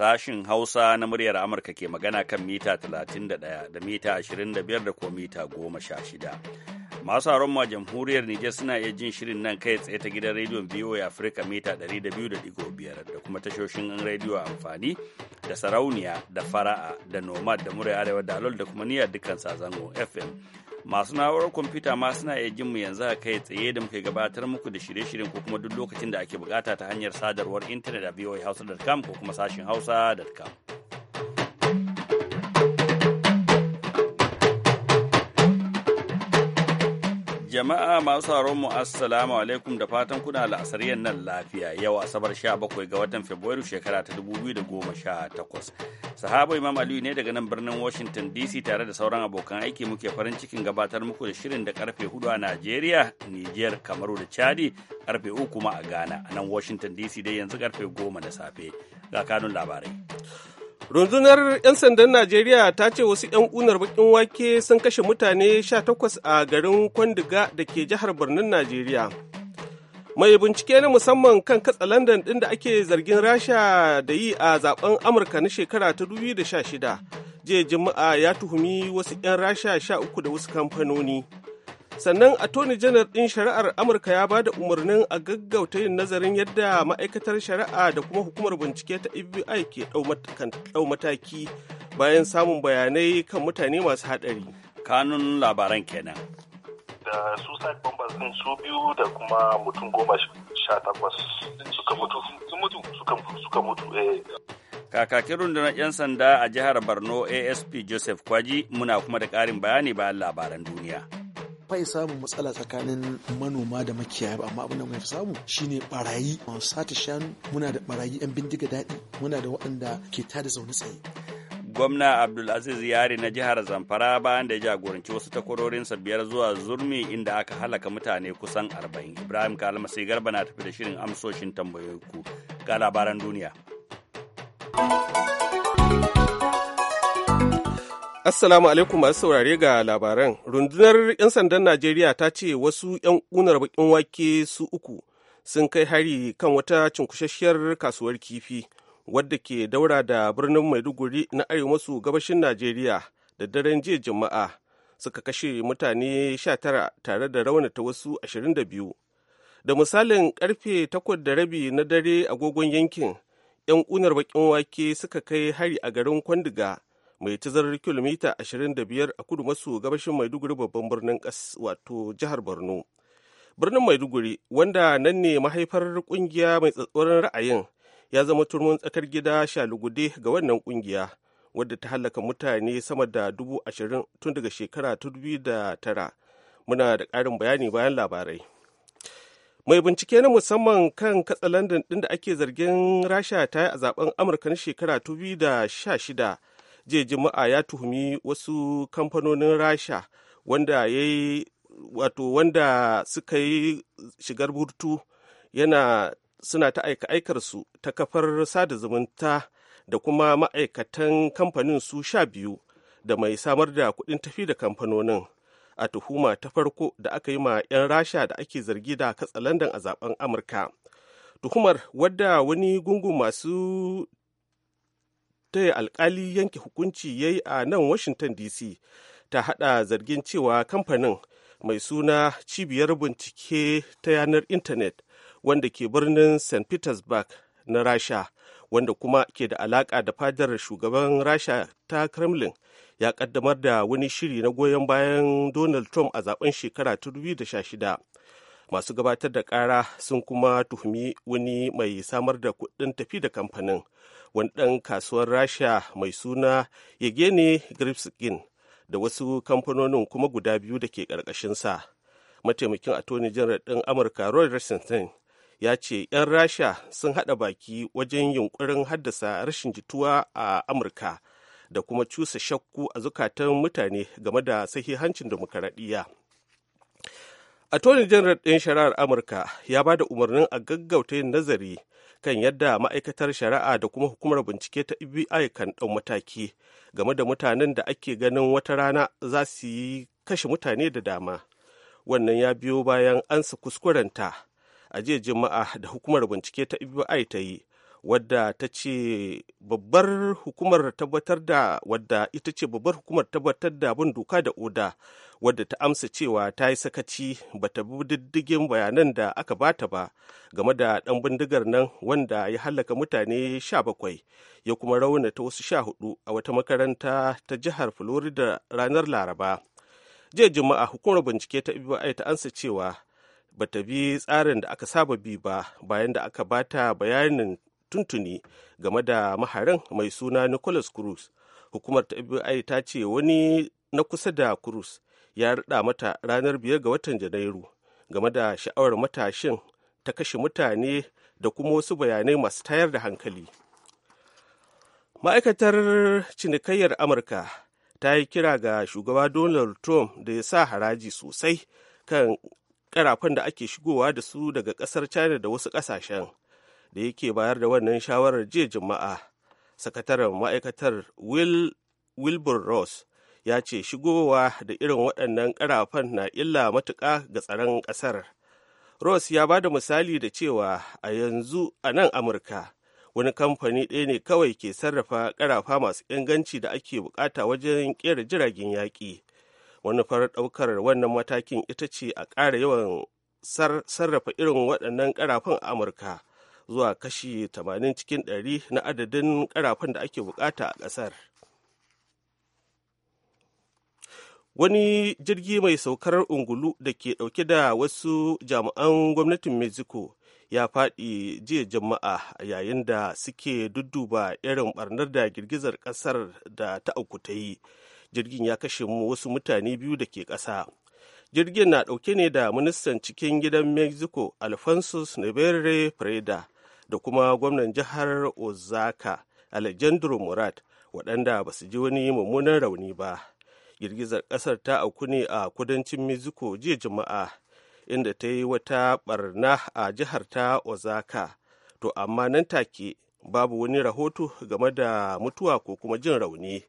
sashin Hausa na muryar Amurka ke magana kan mita 31 da mita 25 da ko mita 16. Masu haron ma jamhuriyar Nijar suna iya jin shirin nan kai tsaye ta gidan rediyon VOA Africa mita 200.5 da kuma tashoshin rediyo amfani da sarauniya da fara'a da nomad da muryar arewa da alol da kuma niyyar dukkan sazango FM. masu na'urar kwamfuta ma suna iya jin mu yanzu a kai tsaye da muke gabatar muku da shirye-shiryen ko kuma duk lokacin da ake bukata ta hanyar sadarwar intanet a voahouse.com ko kuma sashin hausa.com Jama'a masu sauraron mu assalamu alaikum da fatan kuna la'asar nan lafiya yau asabar 17 ga watan Fabrairu shekara ta 2018. Sahabo Imam Aliyu ne daga nan birnin Washington DC tare da sauran abokan aiki muke farin cikin gabatar muku da shirin da karfe 4 a Najeriya, Niger, Kamaru da Chadi, karfe 3 kuma a Ghana. A nan Washington DC dai yanzu karfe 10 da safe. Ga kanun labarai. Rundunar 'yan sandan Najeriya ta ce wasu 'yan unar bakin wake sun kashe mutane 18 a garin Kwandiga da ke jihar Birnin Najeriya. Mai bincike na musamman kan katsa katsalandan ɗin da ake zargin Rasha da yi a zaben Amurka na shekara ta 2016. Jiya Juma'a ya tuhumi wasu 'yan Rasha 13 da wasu kamfanoni. sannan attorney general din shari'ar amurka ya ba da umarnin a gaggauta yin nazarin yadda ma'aikatar shari'a da kuma hukumar bincike ta fbi ke ɗau mataki bayan samun bayanai kan mutane masu haɗari kanun labaran kenan da suicide bombers din su biyu da kuma mutum goma sha takwas suka mutu suka mutu eh kakakin rundunar 'yan sanda a jihar borno asp joseph kwaji muna kuma da ƙarin bayani bayan labaran duniya fai samun matsala tsakanin manoma da makiyaya ba amma abin da fi samu shine barayi masu sata shanu muna da barayi yan bindiga daɗi muna da waɗanda ke tada zaune tsaye gwamna abdulaziz yari na jihar zamfara bayan da ya jagoranci wasu takwarorinsa biyar zuwa zurmi inda aka halaka mutane kusan arba'in ibrahim kalma sai garba na tafi da shirin amsoshin tambayoyi ku ga labaran duniya Assalamu alaikum masu saurare ga labaran. Rundunar 'yan sandan Najeriya ta ce wasu 'yan unar bakin wake su uku sun kai hari kan wata cinkushasshiyar kasuwar kifi wadda ke daura da birnin Maiduguri na arewa maso gabashin Najeriya da daren jiya Juma'a suka kashe mutane sha tara tare da raunata wasu 22. Da misalin karfe takwas da rabi na dare agogon yankin, 'yan unar bakin wake suka kai hari a garin Kwandiga mai tazarar kilomita 25 a kudu maso gabashin maiduguri babban birnin wato jihar borno birnin maiduguri wanda nan ne mahaifar kungiya mai tsatsorin ra'ayin ya zama turmin tsakar gida shalugude ga wannan kungiya wadda ta hallaka mutane sama da dubu ashirin tun daga shekara ta da tara muna da ƙarin bayani bayan labarai mai bincike na musamman kan katsalandan ɗin da ake zargin rasha ta yi a zaben amurka na shekara shida. jiya juma'a ya tuhumi wasu kamfanonin rasha wanda ya yi wato wanda suka yi shigar burtu yana suna ta aika aikarsu ta kafar sada zumunta da kuma ma'aikatan kamfanin su sha biyu da mai samar da kuɗin tafi da kamfanonin a tuhuma ta farko da aka yi ma 'yan rasha da ake zargi da katsalandan a zaben amurka tuhumar wadda wani gungun masu ta alkali yanke hukunci ya yi a nan washington dc ta hada zargin cewa kamfanin mai suna cibiyar bincike ta yanar intanet wanda ke birnin st petersburg na rasha wanda kuma ke da alaka da fadar shugaban rasha ta kremlin ya kaddamar da wani shiri na goyon bayan donald trump a zaben shekara 2016 masu gabatar da ƙara sun kuma tuhumi wani mai samar da kuɗin tafi da kamfanin wani ɗan kasuwar rasha mai suna yegeni gripskin da wasu kamfanonin kuma guda biyu da ke ƙarƙashinsa mataimakin attorney general ɗin amurka roy rosenstein ya ce 'yan rasha sun haɗa baki wajen yunkurin haddasa rashin jituwa a amurka da kuma cusa shakku a zukatan mutane game da sahihancin demokaradiyya attorney general ɗin shari'ar amurka ya ba da umarnin a gaggauta yin nazari kan yadda ma'aikatar shari'a da kuma hukumar bincike ta fbi kan ɗau mataki game da mutanen da ake ganin wata rana za su yi kashe mutane da dama wannan ya biyo bayan an ansa kuskurenta a jiya juma'a da hukumar bincike ta fbi ta yi wadda ta ita ce babbar hukumar tabbatar da bin doka da oda wadda ta amsa cewa ta yi sakaci ba ta bi diddigin bayanan da aka bata ba game da ɗan bindigar nan wanda ya hallaka mutane sha bakwai ya kuma raunata wasu sha hudu a wata makaranta ta jihar florida ranar laraba jiya juma'a hukumar bincike ta fbi ta amsa cewa ba ta bi tsarin da aka saba bi ba bayan da aka bata bayanin tuntuni game da maharin mai suna nicholas cruz hukumar ta fbi ta ce wani na kusa da cruz ya rada mata ranar biyar ga watan janairu game da sha'awar matashin ta kashe mutane da kuma wasu bayanai masu tayar da hankali ma'aikatar cinikayyar amurka ta yi kira ga shugaba donald trump da ya sa haraji sosai kan karafan da ake shigowa da su daga kasar china da wasu kasashen da yake bayar da wannan shawarar jiya juma'a sakataren ma'aikatar wilbur ross ya ce shigowa da irin waɗannan ƙarafan na illa matuƙa ga tsaron ƙasar. Ross ya ba da misali da cewa a yanzu a nan Amurka wani kamfani ɗaya ne kawai ke sarrafa ƙarafa masu inganci da ake buƙata wajen ƙera jiragen yaƙi. wani Manufar ɗaukar wannan matakin ita ce a ƙara yawan sarrafa irin waɗannan ƙarafan a Amurka zuwa kashi 80 cikin 100 na adadin ƙarafan da ake buƙata a ƙasar. wani jirgi mai saukar ungulu da ke dauke da wasu jami'an gwamnatin mexico ya faɗi jiya jama'a yayin da suke dudduba irin barnar da girgizar ƙasar da ta auku ta yi jirgin ya kashe mu wasu mutane biyu da ke ƙasa jirgin na ɗauke ne da ministan cikin gidan mexico alfonso nevere freda da kuma gwamnan jihar ozaka alejandro murad waɗanda ba su ji wani mummunan rauni ba girgizar ƙasar ta auku ne a kudancin mexico jiya juma'a inda ta yi wata barna a jihar ta ozaka to amma nan take babu wani rahoto game da mutuwa ko kuma jin rauni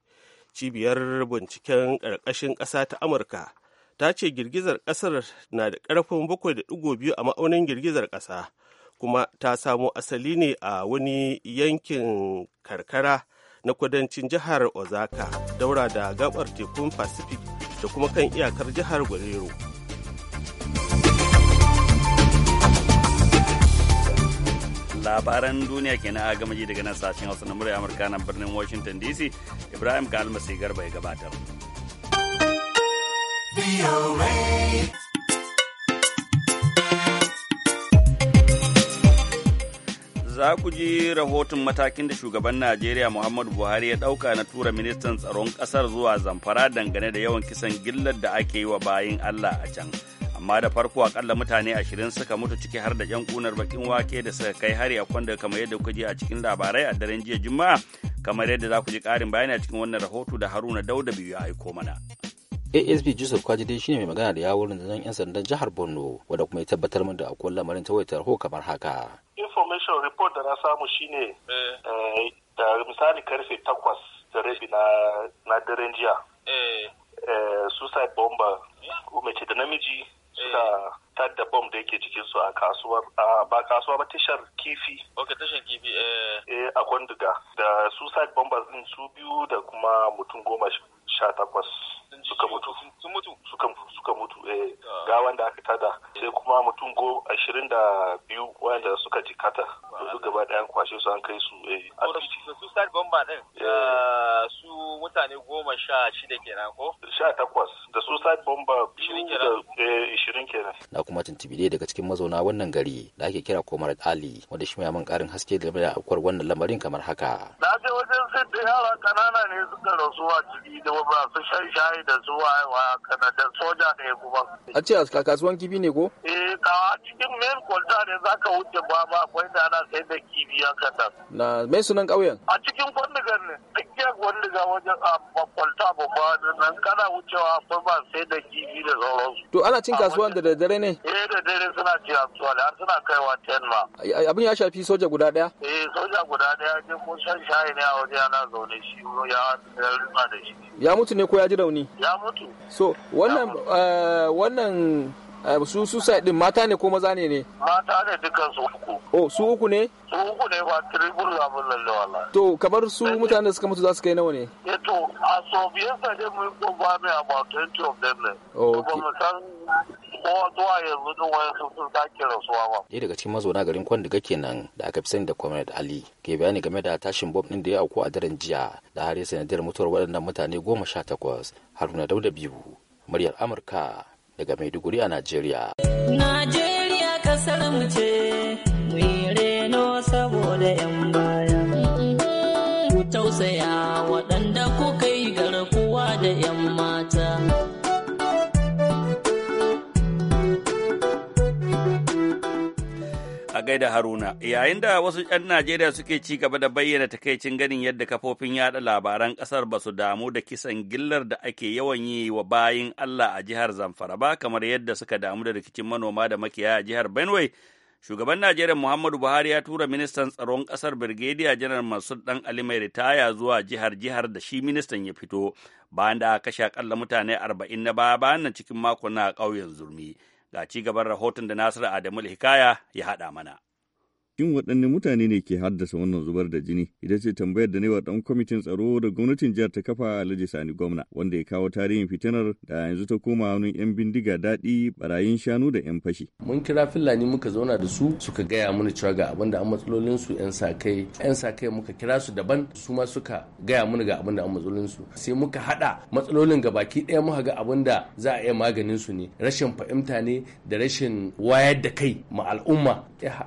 cibiyar binciken ƙarƙashin ƙasa ta amurka ta ce girgizar ƙasar na da ƙarfin 7.2 a ma'aunin girgizar ƙasa kuma ta samo asali ne a wani yankin karkara na kudancin jihar Osaka daura da gabar tekun Pacific da kuma kan iyakar jihar Guerrero. labaran duniya ke a agamaji daga nan sashen hausa na murya amurka na birnin washington dc ibrahim kalmasi garba ya gabatar. za ku ji rahoton matakin da shugaban Najeriya Muhammadu Buhari ya ɗauka na tura ministan tsaron ƙasar zuwa zamfara dangane da yawan kisan gillar da ake yi wa bayin Allah a can. Amma da farko akalla mutane ashirin suka mutu ciki har da yan ƙunar bakin wake da suka kai hari a kwanda kamar yadda kuka ji a cikin labarai a daren jiya Juma'a kamar yadda za ku ji ƙarin bayani a cikin wannan rahoto da Haruna Dauda biyu ya aiko mana. asb joseph kwajide shine mai magana da yawon rundunar 'yan sandan jihar borno wadda kuma ya tabbatar da akwai lamarin ta wayar kamar haka information report da na samu shine eh. Eh, da misali karfe takwas da rabi na daren jiya eh. suicide bomber mace da namiji suka tadda bomb da yake cikin su a kasuwa ba kasuwa ba tashar kifi ok tashar kifi eh a kwanduga da suicide bombers din su biyu da kuma mutum goma sha takwas suka mutu suka mutu suka mutu eh ah. ga wanda aka tada sai kuma mutum go ashirin da biyu wanda suka jikata to duk gaba ɗayan kwashe su an kai su eh asibiti su sad bomba din eh. ah, su mutane goma sha shida kenan ko sha takwas da su sa bomba ishirin kenan eh, ishirin kenan na kuma tuntubi ɗaya daga cikin mazauna wannan gari da ake kira komar ali wanda shi mai karin haske game da akwar wannan lamarin kamar haka na je wajen sai da yara kanana ne suka rasuwa ciki da ba su shan shayi da su wa kana da soja ne kuma. A ce a kasuwan kifi ne ko? Eh kawa cikin main kwalta ne za ka wuce ba ba akwai da ana sai da kifi a kanan. Na mai sunan ƙauyen? A cikin kwandigan ne. cikin kwandiga wajen a kwalta babba nan kana wucewa ba ba sai da kifi da sauransu. To ana cin kasuwan da daddare ne? Eh da dare suna ci a kasuwa har suna kaiwa ten ma. Abin ya shafi soja guda ɗaya? Eh soja guda ɗaya ne ko shan shayi ne a waje ana zaune shi ya rinna da shi. ya mutu ne ko ya ji rauni ya mutu so wannan Eh, su suicide din mata ne ko maza ne ne mata ne dukkan su uku oh su uku ne su uku ne ba tribul abun lalle wala to kamar su mutane da suka mutu za su kai nawa ne eh to a so biyar sa dai mun ko ba mai about 20 of them ne ko ba mu san ko a yanzu din wani sun sun sake rasuwa ba ɗaya daga cikin mazauna garin kwandiga kenan da aka fi sani da comrade ali ke bayani game da tashin bom din da ya auku a daren jiya da har ya sanadiyar mutuwar waɗannan mutane goma sha takwas haruna dauda biyu muryar amurka daga Maiduguri a Najeriya. Najeriya kasar mu ce, mu yi reno saboda 'yan baya. Ku tausaya waɗanda kuka yi garkuwa da 'yan gaida Haruna, yayin da wasu 'yan Najeriya suke ci gaba da bayyana takaicin ganin yadda kafofin yada labaran kasar ba su damu da kisan gillar da ake yawan yi wa bayin Allah a jihar Zamfara ba kamar yadda suka damu da rikicin manoma da makiyaya a jihar Benue. Shugaban Najeriya Muhammadu Buhari ya tura ministan tsaron kasar Birgediya Janar masu Dan Ali mai ritaya zuwa jihar jihar da shi ministan ya fito bayan da aka kashe akalla mutane arba'in na baya bayan cikin mako na ƙauyen Zurmi. Ga ci gaban rahoton da Nasiru Adamu Hikaya ya haɗa mana. shin waɗanne mutane ne ke haddasa wannan zubar da jini ita ce tambayar da ne wa ɗan kwamitin tsaro da gwamnatin jihar ta kafa alhaji sani gwamna wanda ya kawo tarihin fitinar da yanzu ta koma hannun yan bindiga daɗi barayin shanu da yan fashi mun kira fillani muka zauna da su suka gaya mana cewa ga abin da an matsalolin su yan sa kai yan sa kai muka kira su daban su ma suka gaya mana ga abin da an matsalolin su sai muka haɗa matsalolin ga baki ɗaya muka ga abin da za a iya maganin su ne rashin fahimta ne da rashin wayar da kai ma al'umma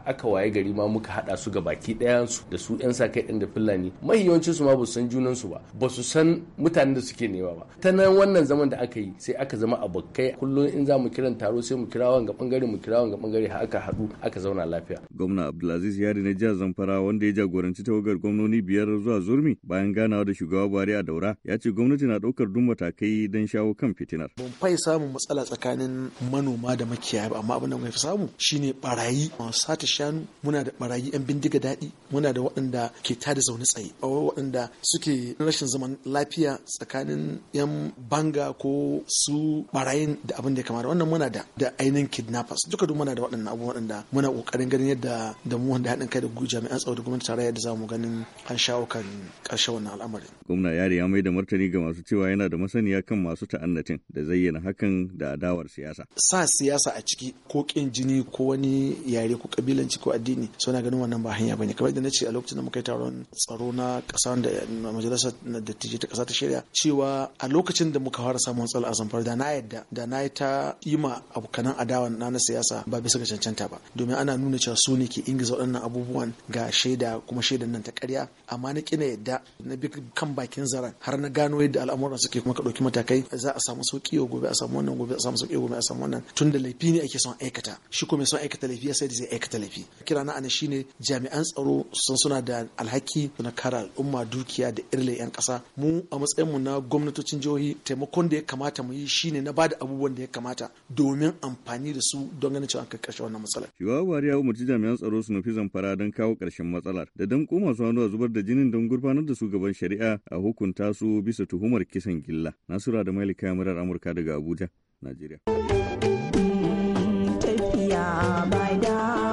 aka waye gari ma ma muka haɗa su ga baki ɗayan su da su 'yan sa kai ɗin da fulani mahiyoncin yawancinsu su ma ba su san junan su ba ba su san mutanen da suke nema ba ta nan wannan zaman da aka yi sai aka zama abokai kullum in za mu kiran taro sai mu kira wanga bangare mu kira wanga bangare har aka haɗu aka zauna lafiya gwamna abdulaziz yari na jihar zamfara wanda ya jagoranci tawagar gwamnoni biyar zuwa zurmi bayan ganawa da shugaba bari a daura ya ce gwamnati na daukar duk matakai don shawo kan fitinar ban fai samun matsala tsakanin manoma da makiyaya ba amma abin da mun fi samu shine barayi masu sata shanu muna da barayi 'yan bindiga daɗi muna da waɗanda ke tada zaune tsaye waɗanda suke rashin zaman lafiya tsakanin 'yan banga ko su barayin da abin da ya kamata wannan muna da da ainihin kidnappers duka duk muna da waɗannan abubuwa waɗanda muna ƙoƙarin ganin yadda da mu wanda haɗin kai da jami'an tsaro da gwamnati tarayya da zamu ganin an shawo kan ƙarshen wannan al'amarin. Gwamna Yari ya mai da martani ga masu cewa yana da masaniya kan masu ta'annatin da zayyana hakan da adawar siyasa. Sa siyasa a ciki ko ƙin jini ko wani yare ko ƙabilanci ko addini so na ganin wannan ba hanya bane kamar yadda na ce a lokacin da muka yi taron tsaro na ƙasa da majalisar dattijai ta ƙasa ta shirya cewa a lokacin da muka fara samun tsala a zamfara da na yadda da na yi ta yi ma abokanan adawa na na siyasa ba bisa ga cancanta ba domin ana nuna cewa su ne ke ingiza waɗannan abubuwan ga shaida kuma shaidan nan ta ƙarya amma na kina yadda na bi kan bakin zaren har na gano yadda al'amuran suke kuma ka ɗauki matakai za a samu sauƙi yau gobe a samu wannan gobe a samu sauƙi gobe a samu wannan tun da laifi ne ake son aikata shi kuma son aikata laifi ya sai da zai aikata laifi kira na ma'ana shine jami'an tsaro sun suna da alhaki na kara al'umma dukiya da irle 'yan kasa mu a matsayin mu na gwamnatocin jihohi taimakon da ya kamata mu yi shine na bada abubuwan da ya kamata domin amfani da su don ganin cewa an kai karshen wannan matsalar. wari ya umarci jami'an tsaro su nufi zamfara don kawo karshen matsalar da damƙo masu hannu a zubar da jinin don gurfanar da su gaban shari'a a hukunta su bisa tuhumar kisan gilla. Nasura da Malika Yamurar Amurka daga Abuja, Najeriya. Hmm, tafiya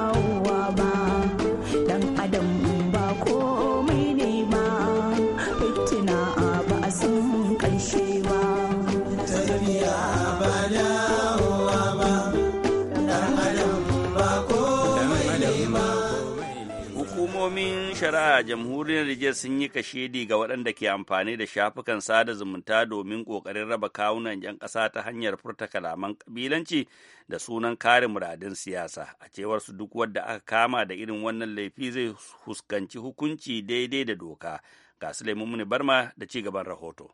a jamhuriyar Nijar sun yi kashedi ga waɗanda ke amfani da shafukan sada zumunta domin ƙoƙarin raba kawunan 'yan ƙasa ta hanyar furta kalaman kabilanci da sunan kare muradun siyasa. A cewar su duk wadda aka kama da irin wannan laifi zai fuskanci hukunci daidai da doka. Ga Barma da ci gaban rahoto.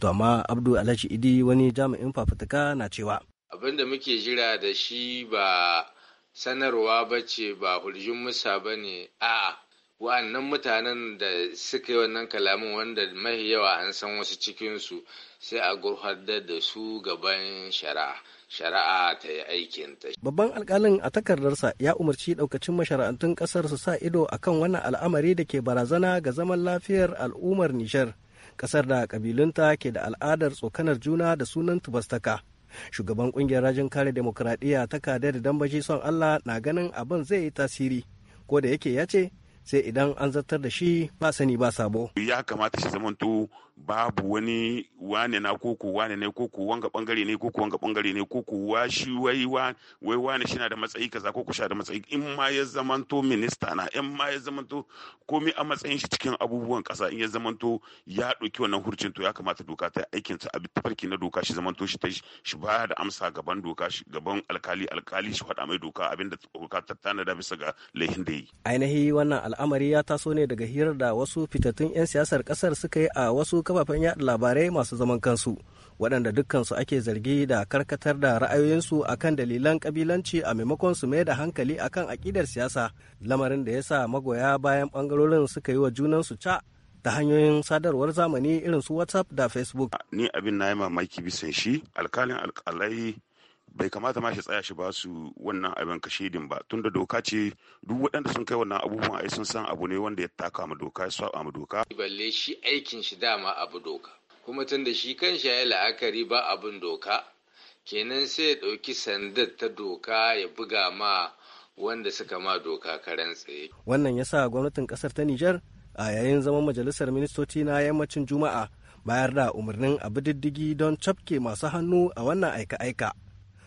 To amma Abdu Alhaji Idi wani jami'in fafutuka na cewa. Abin da muke jira da shi ba sanarwa ba ce ba huljin musa ba ne a'a wa'annan mutanen da suka yi wannan kalamin wanda mahi yawa an san wasu cikinsu sai a gurfadar da su gaban shari'a shari'a ta yi aikin ta. Babban alkalin a takardarsa ya umarci daukacin mashara'antun kasar su sa ido akan wannan al'amari da ke barazana ga zaman lafiyar al'ummar Nijar, kasar da kabilunta ke da al'adar tsokanar juna da sunan tubastaka. Shugaban kungiyar rajin kare demokradiyya ta kada da dambashi son Allah na ganin abin zai yi tasiri, ko da yake ya ce sai idan an zartar da shi ba sani ba sabo. Ya kamata shi zamantu babu wani wane na koko wane ne koko wanga bangare ne koko wanga bangare ne koko wa shi wai wa wai wane shi na da matsayi kaza koko shi da matsayi in ma ya zamanto minista na in ma ya zamanto komai a matsayin shi cikin abubuwan kasa in ya zamanto ya ɗauki wannan hurcin to ya kamata doka ta aikin ta abin tafarki na doka shi zamanto shi ta shi ba da amsa gaban doka shi gaban alkali alkali shi faɗa mai doka abinda da doka ta da bisa ga laihin da yi ainihi wannan al'amari ya taso ne daga hirar da wasu fitattun 'yan siyasar kasar suka yi a wasu kafafen yaɗa labarai masu zaman kansu waɗanda dukkansu ake zargi da karkatar da ra'ayoyinsu akan dalilan kabilanci a maimakon su mai da hankali akan aƙidar siyasa lamarin da ya sa magoya bayan ɓangarorin suka yi wa junansu ca ta hanyoyin sadarwar zamani irin su whatsapp da facebook ni abin na yi mamaki bisan shi alkalin alkalai bai kamata ma shi tsaya shi ba su wannan abin din ba tunda doka ce duk waɗanda sun kai wannan abubuwan ai sun san abu ne wanda ya taka mu doka ya saba mu doka balle shi aikin shi dama abu doka kuma tun da shi kan shi ya la'akari ba abin doka kenan sai ya ɗauki sandar ta doka ya buga ma wanda suka ma doka karen tsaye wannan yasa gwamnatin kasar ta Nijar a yayin zaman majalisar ministoci na yammacin Juma'a bayar da umarnin abu diddigi don cafke masu hannu a wannan aika-aika.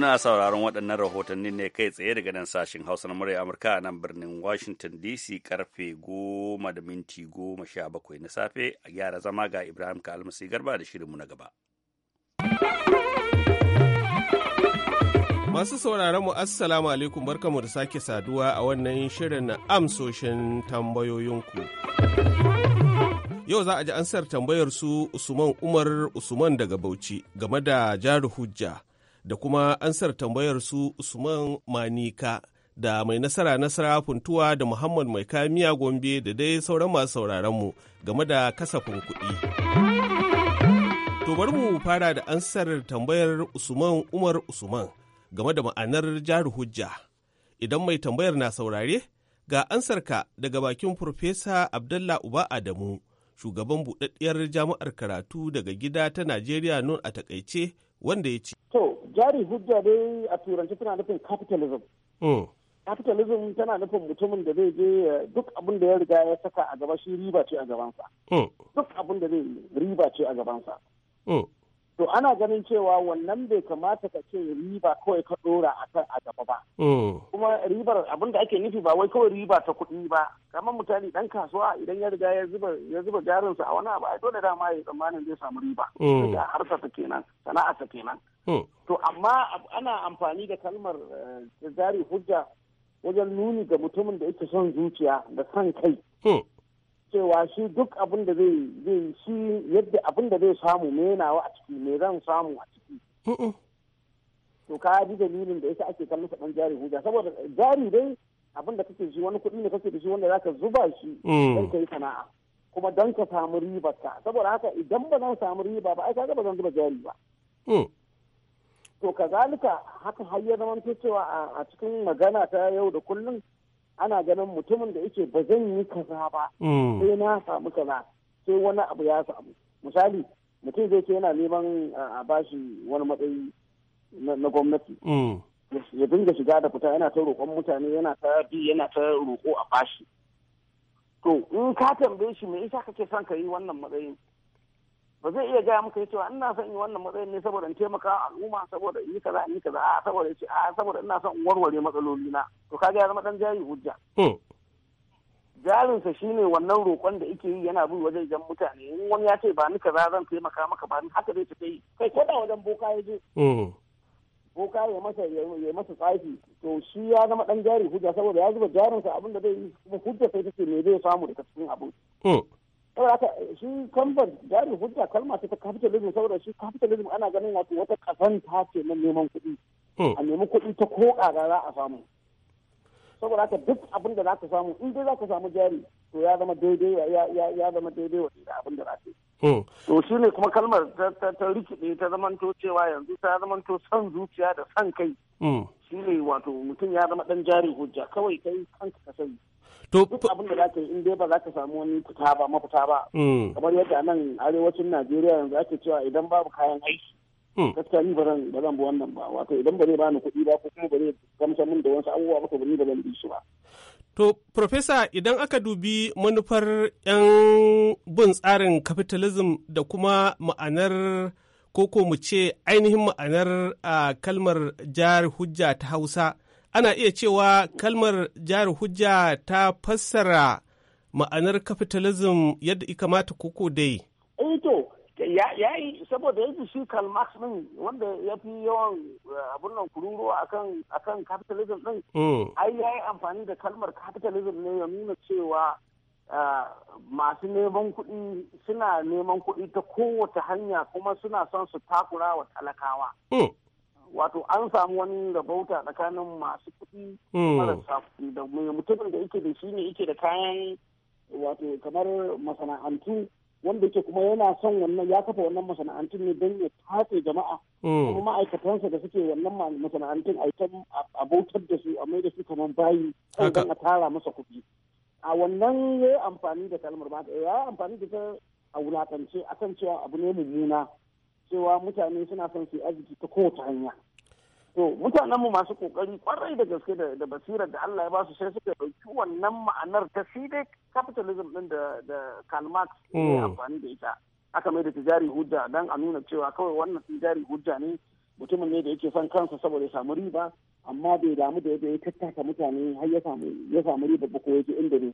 kuna sauraron waɗannan rahotanni ne kai tsaye daga nan sashen hausa na murya amurka a nan birnin washington dc karfe goma da minti goma sha bakwai na safe a gyara zama ga ibrahim kalmasi garba da shirinmu na gaba masu sauraron mu assalamu alaikum barkamu da sake saduwa a wannan shirin amsoshin tambayoyinku yau za a ji ansar tambayar su usman umar usman daga bauchi game da jari hujja da kuma ansar tambayar su Usman Manika da mai nasara nasara funtuwa da Muhammad mai kamiya Gombe da dai sauran masu sauraronmu game da kasafin kuɗi. To bari mu fara da ansar tambayar Usman Umar Usman game da ma'anar jari hujja. Idan mai tambayar na saurare, ga ansarka daga bakin Profesa abdullah Uba Adamu, shugaban buɗaɗɗiyar jami'ar karatu daga gida ta Najeriya nun a takaice wanda ya ce. To jari hujja dai a turanci tana nufin capitalism. Oh. Capitalism tana nufin mutumin da zai je duk abin da ya riga ya saka a gaba shi riba ce a gabansa. Oh. Duk abin da zai riba ce a gabansa. Oh. to ana ganin cewa wannan bai kamata ka ce riba kawai ka dora a kan a gaba ba. Mm. Kuma ribar abinda ake nufi ba wai kawai riba ta kuɗi ba. Kamar mutane ɗan kasuwa idan ya riga ya zuba ya zuba jarinsa a wani abu ai dole dama ya tsammanin zai samu riba. Mm. Da harsa ta kenan sana'a ta kenan. Mm. To amma ana amfani da kalmar eh, jari hujja wajen nuni ga mutumin da yake son zuciya da son kai. cewa shi duk abin da zai yi shi yadda abin da zai samu me a ciki me zan samu a ciki to ka ji dalilin da yasa ake kallon dan jari hujja saboda jari dai abin da kake shi wani kuɗi ne kake da shi wanda zaka zuba shi mm. ka kai sana'a kuma dan ka samu riba ka saboda haka idan ba zan samu riba ba ai kaga ba zan zuba jari ba mm. to kazalika haka har ya zama cewa a cikin magana ta yau da kullum ana ganin mutumin da yake ba zan yi kaza ba mm. sai na samu kaza sai wani abu ya samu misali mutum zai ce yana neman a bashi wani matsayi na gwamnati mm. ya dinga shiga da fita yana ta roƙon mutane yana ta bi yana ta roƙo a bashi to in ka tambaye shi me yasa kake son ka yi wannan matsayin ba zai iya gaya maka cewa ina son yi wannan matsayin ne saboda in taimaka al'umma saboda in yi kaza in yi kaza a saboda ce a saboda ina son in warware matsaloli na to ka ya zama dan jari hujja hmm. jarinsa shine wannan roƙon da yake yi yana bi wajen jan mutane in wani ya ce ba ni kaza zan taimaka maka ba ni haka zai ta yi kai kada wajen boka ya je hmm. boka ya masa ya masa tsafi to shi ya zama dan jari hujja saboda ya zuba jarinsa abin da zai yi kuma hujja sai ce me zai samu daga cikin abin hmm. saboda haka shi jari hujja kalma ta ta capitalism saboda shi capitalism ana ganin wato wata kazanta ce na neman kuɗi hmm. a nemi kuɗi ta ko za a samu saboda haka duk abin da za ka samu in dai za ka samu jari to ya zama daidai ya zama daidai wa abin da za ka yi hmm. to shi ne kuma kalmar ta rikide ta zamanto cewa yanzu ta zamanto son zuciya da son kai hmm. shi ne wato mutum ya zama ɗan jari hujja kawai kai kanka ka sani to abin da zaka yi in dai ba za ka samu wani fita ba mafita ba mm. kamar yadda nan arewacin Najeriya yanzu ake cewa idan babu kayan aiki mm. gaskiya ni ba zan ba zan bi wannan ba wato idan ba zai bani kuɗi ba ko kuma ba zai gamsa min da wasu abubuwa ba to ni ba zan bi shi ba To, Profesa, idan aka dubi manufar 'yan bin tsarin capitalism da kuma ma'anar koko mu ce ainihin ma'anar a kalmar jihar hujja ta Hausa ana iya cewa kalmar jihar hujja ta fassara ma'anar capitalism yadda ika mata koko dai. Eh, to ya yi saboda yadda shi Karl Marx wanda ya fi yawan eh, abun nan kururo akan akan capitalism ɗin. Mm. ai ya yi amfani da kalmar capitalism ne ya nuna cewa eh, masu neman kuɗi suna neman kuɗi ta kowace hanya kuma suna son su takura wa talakawa. Mm. wato an samu wani rabauta tsakanin masu kuɗi hmm. marasa kuɗi da mutumin da yake da shi ne yake da kayan wato kamar masana'antu wanda yake kuma yana son wannan ya kafa wannan masana'antun ne don ya tace jama'a hmm. kuma ma'aikatansa da suke wannan masana'antun a bautar da su a mai da su kamar bayi don a tara masa kuɗi a wannan ya yi amfani da kalmar ba ya amfani da ta a wulatance akan cewa abu ne mummuna cewa mutane suna son su yi arziki ta kowace hanya to mutanenmu masu kokari kwarai da gaske da basira da Allah ya basu sai suka ɗauki wannan ma'anar ta shi dai capitalism din da da Karl Marx ya hmm. amfani da ita aka mai da tijari hujja dan a nuna cewa kawai wannan tijari hujja ne mutumin ne da yake son kansa saboda ya samu riba amma bai damu da yadda ya tattaka mutane har ya samu riba ba ko yake inda ne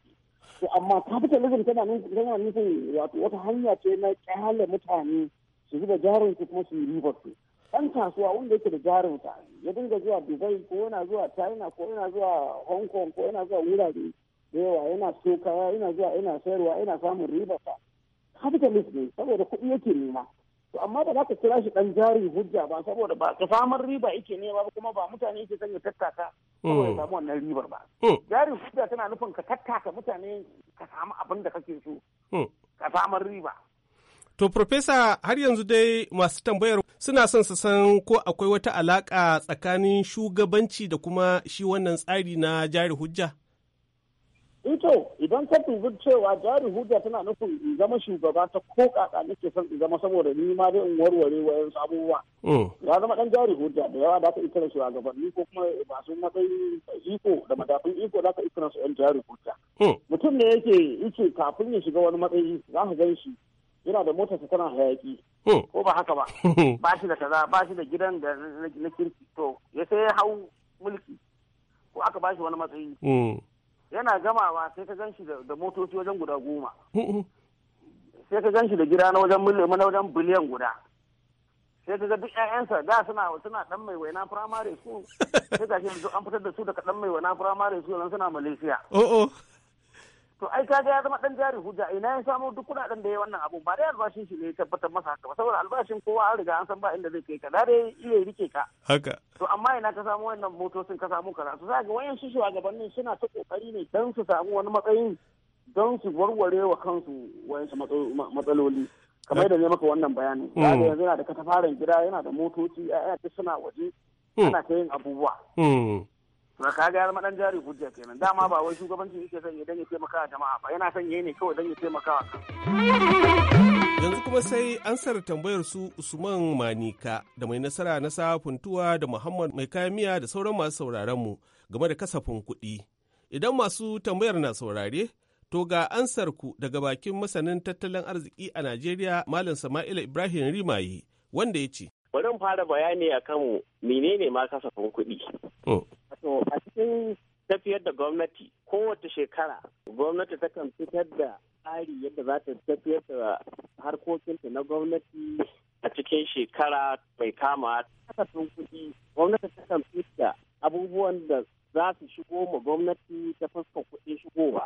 to amma capitalism tana nufin wato wata hanya ce na kyale mutane su zuba jarin su kuma su yi ribar su ɗan kasuwa wanda yake da jarin sa ya dinga zuwa dubai ko yana zuwa china ko yana zuwa hong kong ko yana zuwa wurare da yawa yana so kaya yana zuwa yana sayarwa yana samun ribar sa capitalist ne saboda kuɗi yake nema to amma ba za ka kira shi ɗan jari hujja ba saboda ba ka samar riba yake nema ba kuma ba mutane yake son ya tattaka saboda hmm. samu wannan ribar ba hmm. jari hujja tana nufin ka tattaka mutane ka samu abin da kake so hmm. ka samar riba To, Profesa, har yanzu dai masu tambayar suna son su san ko akwai wata alaƙa tsakanin shugabanci da kuma shi wannan tsari na jari hujja? Ito, eh idan ka dubi cewa jari hujja tana nufin in zama shugaba ta ko kaka nake son in zama saboda ni ma dai in warware wayan abubuwa. Mm. Ya zama dan jari hujja da yawa da aka da shugabanni ko kuma masu matsayin iko da madafin iko da aka da su yan jari hujja. Mm. Mutum ne yake yake kafin ya shiga wani matsayi za ka gan shi yana da motarsa tana hayaki ko ba haka ba ba shi da kaza ba shi da gidan da na kirki to ya sai ya hau mulki ko aka ba shi wani matsayi yana gamawa sai ka gan shi da motoci wajen guda goma sai ka gan shi da gida na wajen miliyan na wajen biliyan guda sai ka ga duk ƴaƴansa da suna suna dan mai waina primary school sai ka yanzu an fitar da su daga dan mai waina primary school nan suna Malaysia to ai kaga ya zama dan jari hujja ina ya samu duk kudaden da ya wannan abun ba dai albashin shi ne ya tabbatar masa haka ba saboda albashin kowa an riga an san ba inda zai kai ka da dai iya rike ka haka to amma ina ka samu wannan motocin ka samu kaza to zaka ga wayan su shugabannin suna ta kokari ne dan su samu wani matsayin don su warware wa kansu wayan su matsaloli kamar da ne maka wannan bayanin zaka hmm. yanzu yana da katafaren gida yana da motoci yana da suna waje hmm. suna ta yin abubuwa hmm. to ka ga yarma dan jari hujja kenan dama ba wai shugabanci yake son idan dan ya taimaka wa jama'a ba yana son yayi ne kawai dan ya taimaka wa yanzu kuma sai an ansar tambayar su Usman Manika da mai nasara na safuntuwa da Muhammad mai kamiya da sauran masu sauraron mu game da kasafin kuɗi idan masu tambayar na saurare To ga ansar ku daga bakin masanin tattalin arziki a Najeriya Malam Sama'ila Ibrahim rimayi wanda ya ce. bari fara bayani akan menene ma kasafin kuɗi. a cikin tafiyar da gwamnati kowace shekara gwamnati ta kan fitar da tsari yadda za ta tafiyar da harkokinta na gwamnati a cikin shekara mai kama kasafin kuɗi gwamnati ta kan fitar abubuwan da za su shigo ma gwamnati ta fuskar kuɗin shigowa.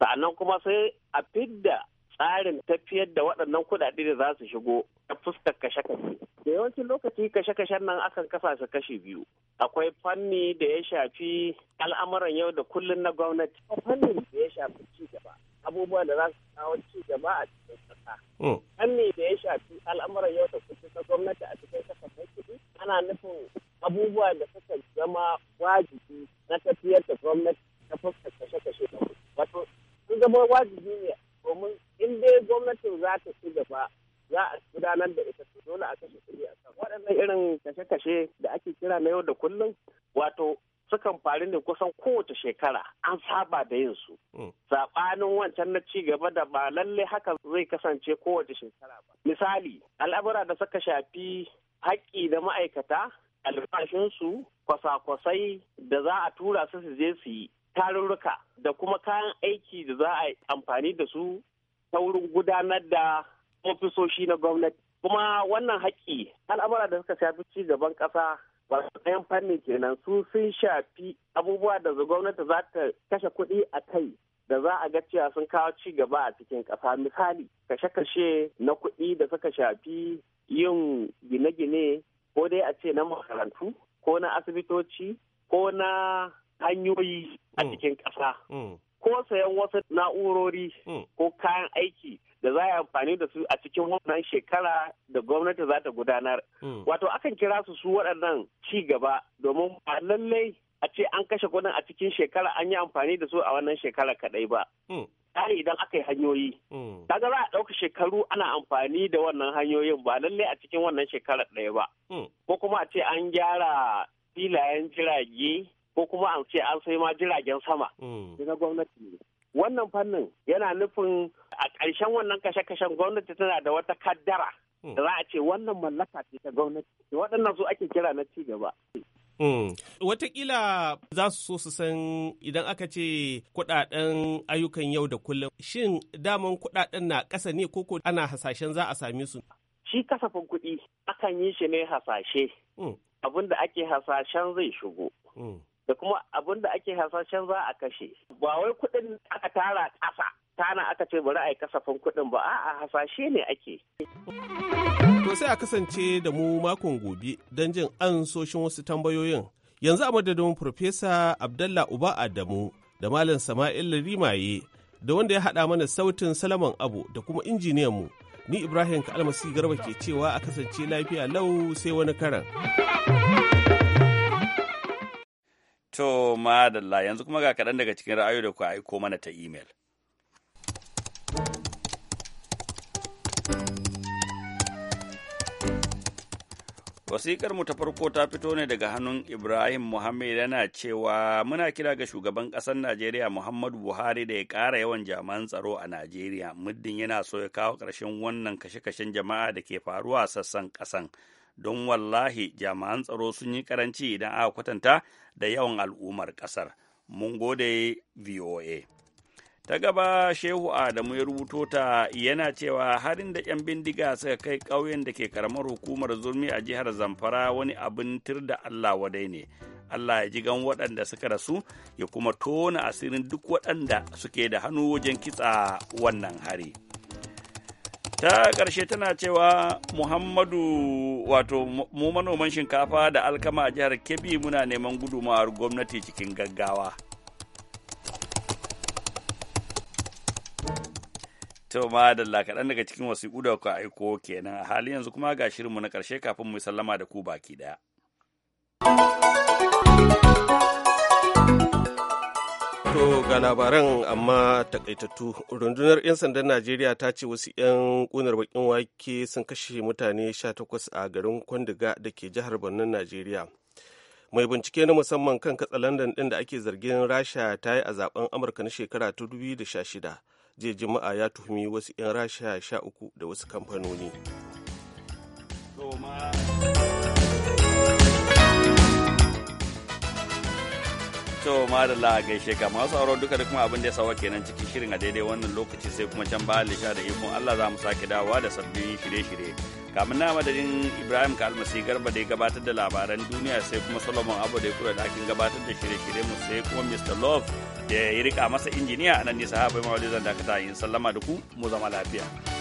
Sa'annan kuma sai a fidda tsarin tafiyar da waɗannan kuɗaɗe da za su shigo ta fuskar kashe-kashe. da yawancin lokaci kashe-kashen nan akan kasa su kashi biyu akwai fanni da ya shafi al'amuran yau da kullun na gwamnati fannin da ya shafi ci gaba Abubuwa da za su kawo ci gaba a cikin kasa oh. fanni da ya shafi al'amuran yau da kullun na gwamnati a cikin kasa kuɗi ana nufin abubuwa da suka zama wajibi na tafiyar da gwamnati ta fuskar kashe-kashe da kuɗi wato sun zama wajibi ne domin in dai gwamnatin za ta ci gaba za a gudanar da ita dole a kashe irin kashe-kashe da ake kira na yau da kullum wato sukan faru ne kusan kowace shekara an saba da yin su. Hmm. Saɓanin wancan na ci gaba da ba lalle haka zai kasance kowace shekara ba. Misali, al'amura da suka shafi haƙƙi da ma'aikata, albashinsu, kwasa-kwasai da za a tura su su je su yi, tarurruka da kuma kayan aiki da za a amfani da su ta wurin gudanar da ofisoshi na gwamnati. kuma wannan haƙƙi al'amura da suka shafi ci gaban ƙasa ba ɗayan fannin kenan su sun shafi abubuwa da gwamnati za ta kashe kuɗi a kai da za a ga cewa sun kawo ci gaba a cikin ƙasa misali kashe-kashe na kuɗi da suka shafi yin gine-gine ko dai a ce na makarantu ko na asibitoci ko na hanyoyi a mm. cikin ƙasa mm. ko sayan wasu na'urori mm. ko kayan aiki da za a yi amfani da su a cikin wannan shekara da gwamnati za ta gudanar. Hmm. Wato akan kira su su waɗannan ci gaba domin ba lallai a ce an kashe kuɗin a cikin shekara an yi amfani da su a wannan shekara kaɗai ba. Hmm. Tsari idan aka yi hanyoyi. Hmm. ga za a ɗauka shekaru ana amfani da wannan hanyoyin ba lallai a cikin wannan shekara ɗaya ba. Ko kuma a ce an gyara filayen jirage ko kuma an ce an sai ma jiragen sama. Na gwamnati Wannan fannin yana nufin a ƙarshen wannan kashe-kashen gwamnati tana da wata kaddara hmm. da za a ce wannan mallaka ce ta gwamnati waɗannan su ake kira na ci gaba hmm. Wataƙila za su so su san idan aka ce kuɗaɗen ayyukan yau da kullum shin daman kuɗaɗen na ƙasa ne koko ana hasashen za a same su shi kasafin kuɗi akan yi shi ne hasashe hmm. abin da ake hasashen zai shigo da kuma abin da ake hasashen za a kashe ba wai kuɗin aka tara ƙasa tana aka ce bari a yi kasafin kuɗin ba a'a hasashe ne ake. To sai a kasance da mu makon gobe don jin ansoshin wasu tambayoyin. Yanzu a madadin profesa Abdallah Uba Adamu da Malam Sama'il Rimaye da wanda ya haɗa mana sautin Salaman Abu da kuma injiniyan mu Ni Ibrahim Kalmasi Garba ke cewa a kasance lafiya lau sai wani karan. To madalla yanzu kuma ga kaɗan daga cikin ra'ayoyi da ku aiko mana ta imel. wasikar mu ta farko ta fito ne daga hannun ibrahim muhammed yana cewa muna kira ga shugaban ƙasar najeriya muhammadu buhari da ya kara yawan jami'an tsaro a najeriya muddin yana so ya kawo ƙarshen wannan kashe-kashen jama'a da ke faruwa a sassan ƙasan don wallahi jami'an tsaro sun yi karanci idan aka kwatanta da yawan al'ummar ƙasar mun gode voa ta gaba shehu adamu ya rubuto ta yana cewa harin da 'yan bindiga suka kai ƙauyen da ke karamar hukumar zurmi a jihar zamfara wani abin tir da allah wadai ne allah ya ji gan waɗanda suka rasu ya kuma tona asirin duk waɗanda suke da hannu wajen kitsa wannan hari ta ƙarshe tana cewa muhammadu wato mu manoman shinkafa da alkama a jihar kebbi muna neman gudumawar gwamnati cikin gaggawa To ma da kaɗan daga cikin wasiƙu da ku aiko kenan a hali yanzu kuma ga shirinmu na ƙarshe kafin mu sallama da ku baki ɗaya. To ga labaran amma takaitattu rundunar 'yan sandan Najeriya ta ce wasu 'yan ƙunar bakin wake sun kashe mutane 18 a garin Kwandiga da ke jihar Borno Najeriya. mai bincike na musamman kan katsalandan ɗin da ake zargin rasha ta yi a zaben amurka na shekara ta 2016 jiya juma'a ya tuhumi wasu 'yan rasha sha uku da wasu kamfanoni to madalla a gaishe ka masu auren duka da kuma abin da ya sawa kenan cikin shirin a daidai wannan lokaci sai kuma can ba lisha da ikon allah za mu sake dawowa da sabbin shirye-shirye kamun na madadin ibrahim kalmasi garba da ya gabatar da labaran duniya sai kuma solomon abu da ya kura dakin gabatar da shirye-shirye mu sai kuma mr love da ya rika masa injiniya a nan nisa haɓe mawalizan da ka yin sallama da ku mu zama lafiya.